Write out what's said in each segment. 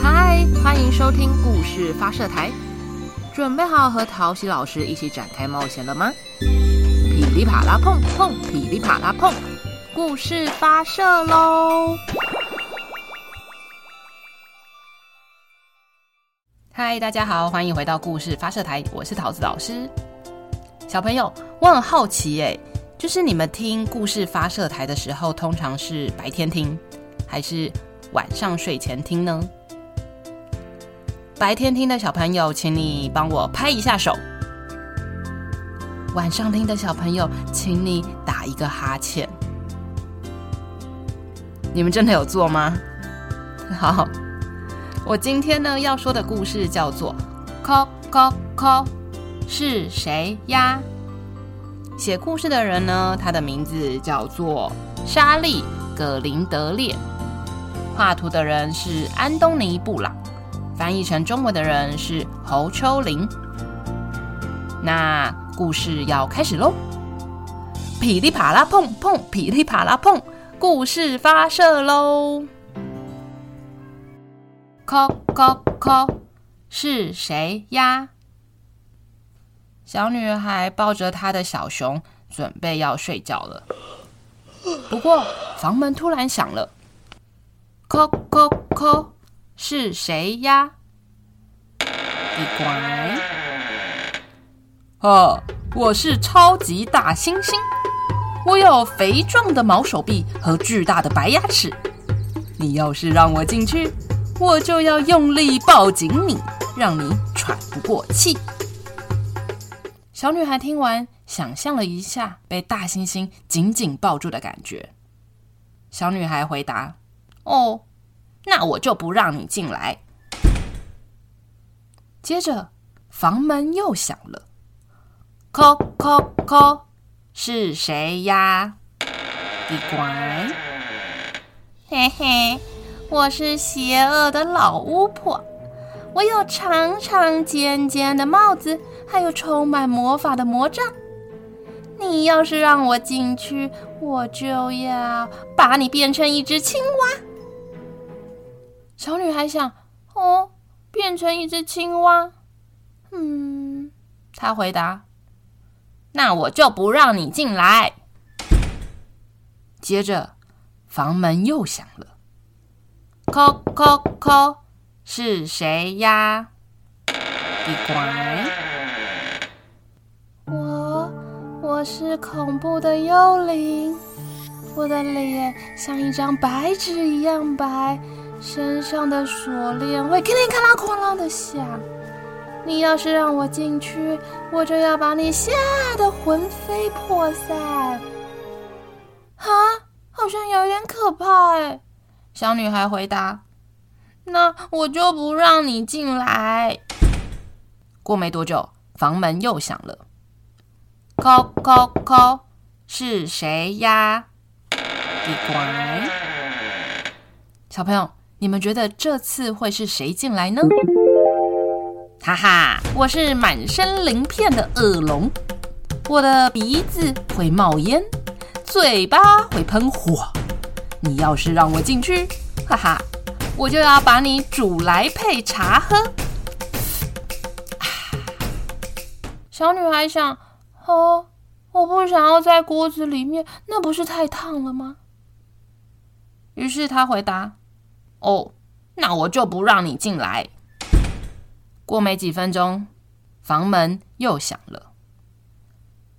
嗨，Hi, 歡迎收聽故事發射台，準備好和桃喜老師一起展開冒險了嗎？噼里啪啦碰碰，噼里啪啦碰，故事發射嘍！嗨，大家好，歡迎回到故事發射台，我是桃子老師。小朋友，我很好奇耶，就是你們聽故事發射台的時候，通常是白天聽，還是晚上睡前聽呢？白天聽的小朋友，請你幫我拍一下手；晚上聽的小朋友，請你打一個哈欠。你們真的有做嗎？好，我今天呢要說的故事叫做《叩叩叩》，是誰呀？寫故事的人呢，他的名字叫做莎莉·葛林德列；畫圖的人是安東尼·布朗。翻譯成中文的人是侯秋玲。那故事要開始嘍！噼里啪啦碰碰，噼里啪啦碰，故事發射嘍！叩叩叩，是誰呀？小女孩抱着她的小熊，準備要睡覺了。不過房門突然響了，叩叩叩。是誰呀？你過來！哦，oh, 我是超級大猩猩，我有肥壯的毛手臂和巨大的白牙齒。你要是讓我進去，我就要用力抱緊你，讓你喘不過氣。小女孩聽完，想象了一下被大猩猩緊緊抱住的感覺。小女孩回答：“哦。”那我就不讓你進來。接着，房門又響了，叩叩叩，是誰呀？你過。嘿嘿，我是邪惡的老巫婆，我有長長尖尖的帽子，還有充滿魔法的魔杖。你要是讓我進去，我就要把你變成一隻青蛙。小女孩想，哦，變成一隻青蛙。嗯，她回答：“那我就不讓你進來。”接着，房門又響了，叩叩叩，是誰呀？你過來！我，我是恐怖的幽靈。我的臉像一張白紙一樣白。身上的鎖鏈會叮叮哐啷哐啷的響。你要是讓我進去，我就要把你嚇得魂飛魄散。啊，好像有點可怕哎、欸。小女孩回答：“那我就不讓你進來。”過沒多久，房門又響了，叩叩叩，是誰呀？小朋友。你們覺得這次會是誰進來呢？哈哈，我是滿身鱗片的惡龍，我的鼻子會冒煙，嘴巴會噴火。你要是讓我進去，哈哈，我就要把你煮來配茶喝。小女孩想：哦，我不想要在鍋子裡面，那不是太燙了嗎？於是她回答。哦，oh，那我就不讓你進來。過沒幾分鐘，房門又響了，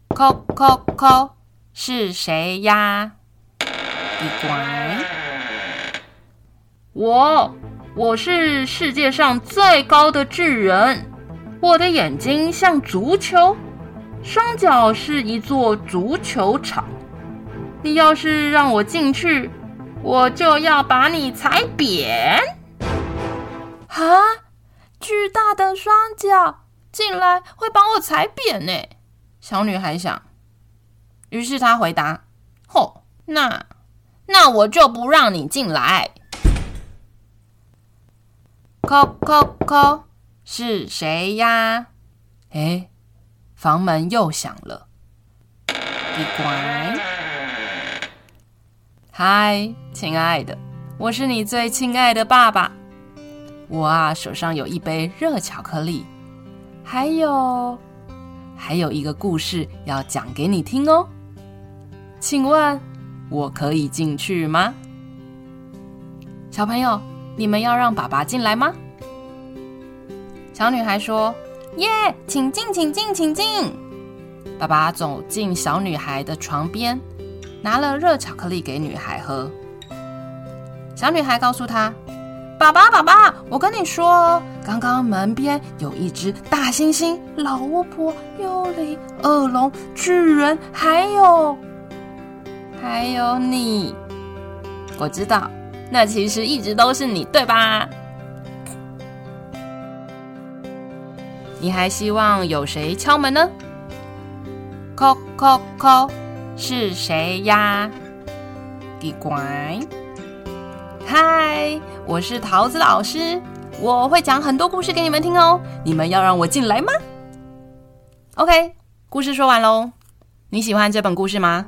叩叩叩，co，是誰呀？你過來！我，我是世界上最高的巨人，我的眼睛像足球，雙腳是一座足球場。你要是讓我進去。我就要把你踩扁！啊，巨大的雙腳進來會把我踩扁呢，欸，小女孩想。於是她回答：“吼，那那我就不讓你進來。”“叩叩叩，是誰呀？”哎，欸，房門又響了，一關。嗨，Hi，親愛的，我是你最親愛的爸爸。我啊，手上有一杯熱巧克力，還有，還有一個故事要講給你聽哦。請問，我可以進去嗎？小朋友，你們要讓爸爸進來嗎？小女孩說：“耶，yeah，請進，請進，請進。”爸爸走進小女孩的床邊。拿了熱巧克力給女孩喝。小女孩告訴她：“爸爸，爸爸，我跟你說，剛剛門邊有一隻大猩猩、老巫婆、幽靈、惡龍、巨人，還有還有你。我知道，那其實一直都是你，對吧？你還希望有誰敲門呢？叩叩叩。”是誰呀？奇怪，嗨，Hi, 我是桃子老師，我會講很多故事給你們聽哦。你們要讓我進來嗎？OK，故事說完嘍。你喜歡這本故事嗎？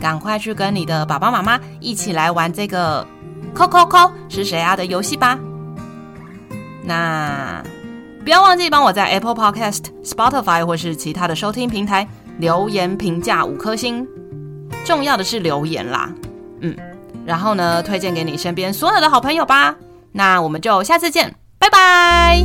趕快去跟你的爸爸媽媽一起來玩這個“叩叩叩是誰啊”的遊戲吧。那不要忘記幫我在 Apple Podcast、Spotify 或是其他的收聽平台留言評價五顆星。重要的是留言啦，嗯，然後呢，推薦給你身邊所有的好朋友吧。那我們就下次見，拜拜。